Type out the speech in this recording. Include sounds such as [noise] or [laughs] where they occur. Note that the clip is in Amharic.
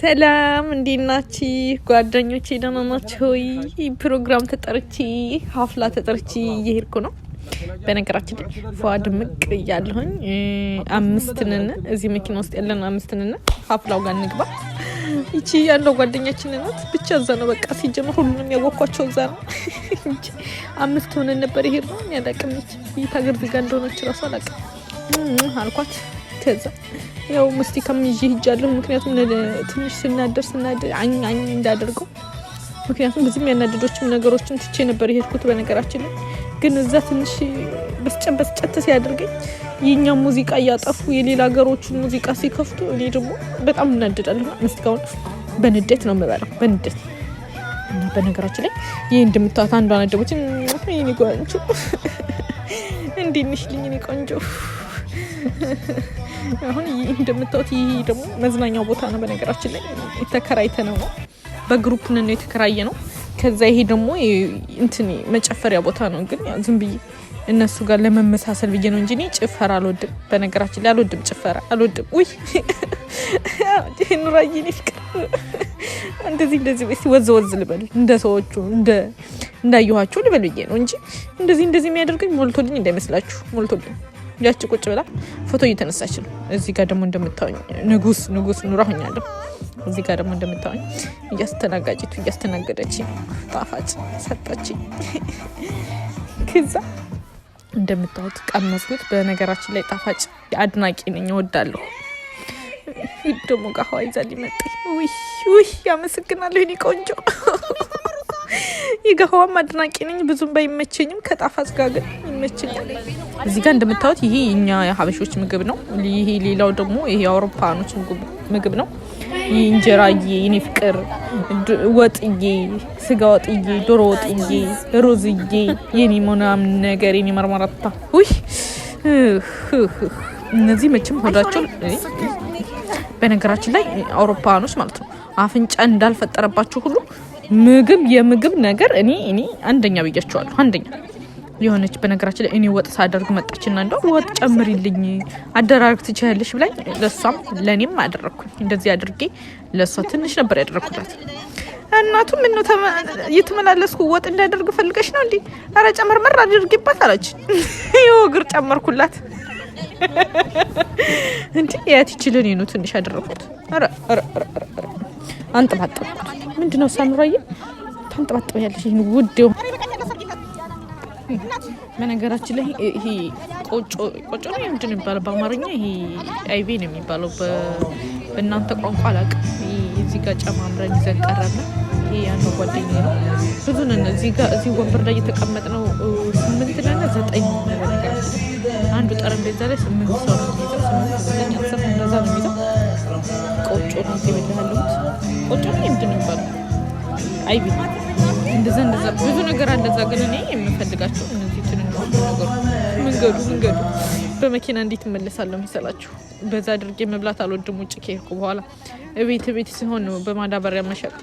ሰላም እንዴት ናችሁ ጓደኞቼ? ደህና ናችሁ ሆይ? ፕሮግራም ተጠርቼ ሀፍላ ተጠርቼ እየሄድኩ ነው። በነገራችን ላይ ፏ ድምቅ እያለሁኝ አምስትንን እዚህ መኪና ውስጥ ያለን አምስትንን ሀፍላው ጋር እንግባ። ይቺ ያለው ጓደኛችን ናት። ብቻ እዛ ነው በቃ ሲጀምር ሁሉንም ያወኳቸው እዛ ነው አምስት ሆነን ነበር የሄድነው። ያላቅምች ይታገር ዝጋ እንደሆነች ራሱ አላቅም አልኳት ከዛ ያው መስቲካም ይዤ ሂጃለሁ። ምክንያቱም ትንሽ ስናደር ስናደር አኝ አኝ እንዳደርገው ምክንያቱም ብዙም ያናደዶችም ነገሮችም ትቼ ነበር የሄድኩት። በነገራችን ላይ ግን እዛ ትንሽ በስጨን በስጨት ሲያደርገኝ የኛ ሙዚቃ እያጠፉ የሌላ ሀገሮቹን ሙዚቃ ሲከፍቱ እኔ ደግሞ በጣም እናደዳለሁ። መስቲካውን በንደት ነው የምበላው በንደት እና በነገራችን ላይ ይህ እንደምታዩት አንዷ ነደቦችን ይኔ ቆንጆ እንዲንሽልኝ ቆንጆ አሁን እንደምታዩት ይህ ደግሞ መዝናኛው ቦታ ነው። በነገራችን ላይ የተከራይተ ነው ነው በግሩፕ ነው የተከራየ ነው። ከዛ ይሄ ደግሞ እንትን መጨፈሪያ ቦታ ነው። ግን ዝም ብዬ እነሱ ጋር ለመመሳሰል ብዬ ነው እንጂ እኔ ጭፈራ አልወድም። በነገራችን ላይ አልወድም፣ ጭፈራ አልወድም። ውይ ኑራዬ ይፍቅር እንደዚህ እንደዚህ ስ ወዝ ወዝ ልበል እንደ ሰዎቹ እንዳየኋቸው ልበል ብዬ ነው እንጂ እንደዚህ እንደዚህ የሚያደርገኝ ሞልቶልኝ እንዳይመስላችሁ ሞልቶልኝ ያቺ ቁጭ ብላ ፎቶ እየተነሳች ነው። እዚህ ጋር ደግሞ እንደምታወኝ ንጉስ ንጉስ ኑራ ሆኛለሁ። እዚህ ጋር ደግሞ እንደምታወኝ እያስተናጋጭቱ እያስተናገደች ጣፋጭ ሰጠች። ከዛ እንደምታወት ቀመስኩት። በነገራችን ላይ ጣፋጭ አድናቂ ነኝ፣ እወዳለሁ። ደግሞ ጋኋ ይዛ ሊመጣ ውይ ውይ፣ ያመሰግናለሁ የእኔ ቆንጆ የገሃዋም አድናቂ ነኝ። ብዙም ባይመቸኝም ከጣፋጭ ጋር ግን ይመቸኛል። እዚህ ጋር እንደምታዩት ይሄ እኛ የሀበሾች ምግብ ነው። ይሄ ሌላው ደግሞ ይሄ የአውሮፓኖች ምግብ ነው። ይሄ እንጀራዬ፣ የኔ ፍቅር፣ ወጥዬ፣ ስጋ ወጥዬ፣ ዶሮ ወጥዬ፣ ሮዝዬ፣ የኔ ምናምን ነገር የኔ መርመራታ ውይ እነዚህ መቼም ሆዳቸው በነገራችን ላይ አውሮፓኖች ማለት ነው አፍንጫ እንዳልፈጠረባቸው ሁሉ ምግብ የምግብ ነገር እኔ እኔ አንደኛ ብያቸዋለሁ። አንደኛ የሆነች በነገራችን ላይ እኔ ወጥ ሳደርግ መጣችና እንደው ወጥ ጨምሪልኝ አደራረግ ትችላለሽ ብላኝ ለእሷም ለእኔም አደረግኩኝ። እንደዚህ አድርጌ ለእሷ ትንሽ ነበር ያደረግኩላት። እናቱ ምን ነው እየተመላለስኩ ወጥ እንዳደርግ ፈልገሽ ነው እንዲ? አረ ጨመር መር አድርጌባት አለች። [laughs] የወግር ጨመርኩላት። እንዲ ያት ይችልን ነው ትንሽ አደረግኩት። አንጥባጠብኩት ምንድን ነው ሳኑራዬ ታንጠባጥበያለሽ? ይህን ውድ በነገራችን ላይ ይሄ ቆጮ ቆጮ ነው ምንድን ነው የሚባለው በአማርኛ? ይሄ አይቤ ነው የሚባለው በእናንተ ቋንቋ አላውቅም። እዚህ ጋር ጨማምረን ይዘን ቀረብን። ይሄ ያነው ጓደኛ ነው። ብዙ ነን እዚህ ጋር እዚህ ወንበር ላይ እየተቀመጥነው ስምንት ነን ዘጠኝ። አንዱ ጠረጴዛ ላይ ስምንት ሰው ነው ጮርነት የበላሃለሁ ቆጮ ነው ምንድን ነው የሚባለው? አይቢ እንደዛ እንደዛ ብዙ ነገር አለ እዛ። ግን እኔ የምፈልጋቸው እነዚህ ትንንሽ ነገሩ መንገዱ መንገዱ በመኪና እንዴት እመለሳለሁ መሰላችሁ? በዛ አድርጌ መብላት አልወድም። ውጭ ከሄድኩ በኋላ እቤት እቤት ሲሆን ነው በማዳበሪያ መሸጥ